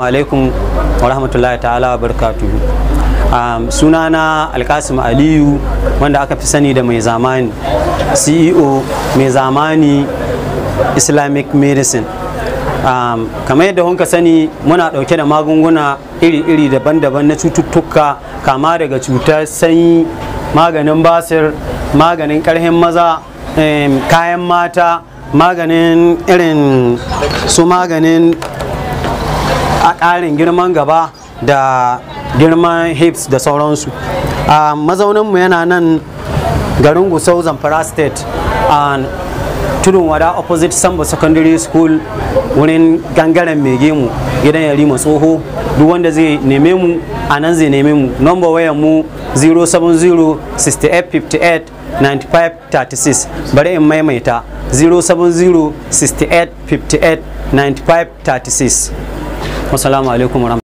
alaikum wa rahmatullahi ta'ala wa barakatuhu um, sunana alkasim aliyu wanda aka fi sani da mai zamani ceo mai zamani islamic medicine um, kamar yadda hunka sani muna dauke da magunguna iri-iri daban-daban na cututtuka kama daga cutar sanyi maganin basir maganin karhin maza kayan mata maganin irin su maganin a girman gaba da girman hips da sauransu a mazauninmu yana nan garin gusau zamfara state a tudun wada opposite samba secondary school wurin gangaren mege mu gidan yari tsoho duk wanda zai neme mu a nan zai neme mu number wayan mu 070 bari in maimaita 070 9536 wasalamu alaikum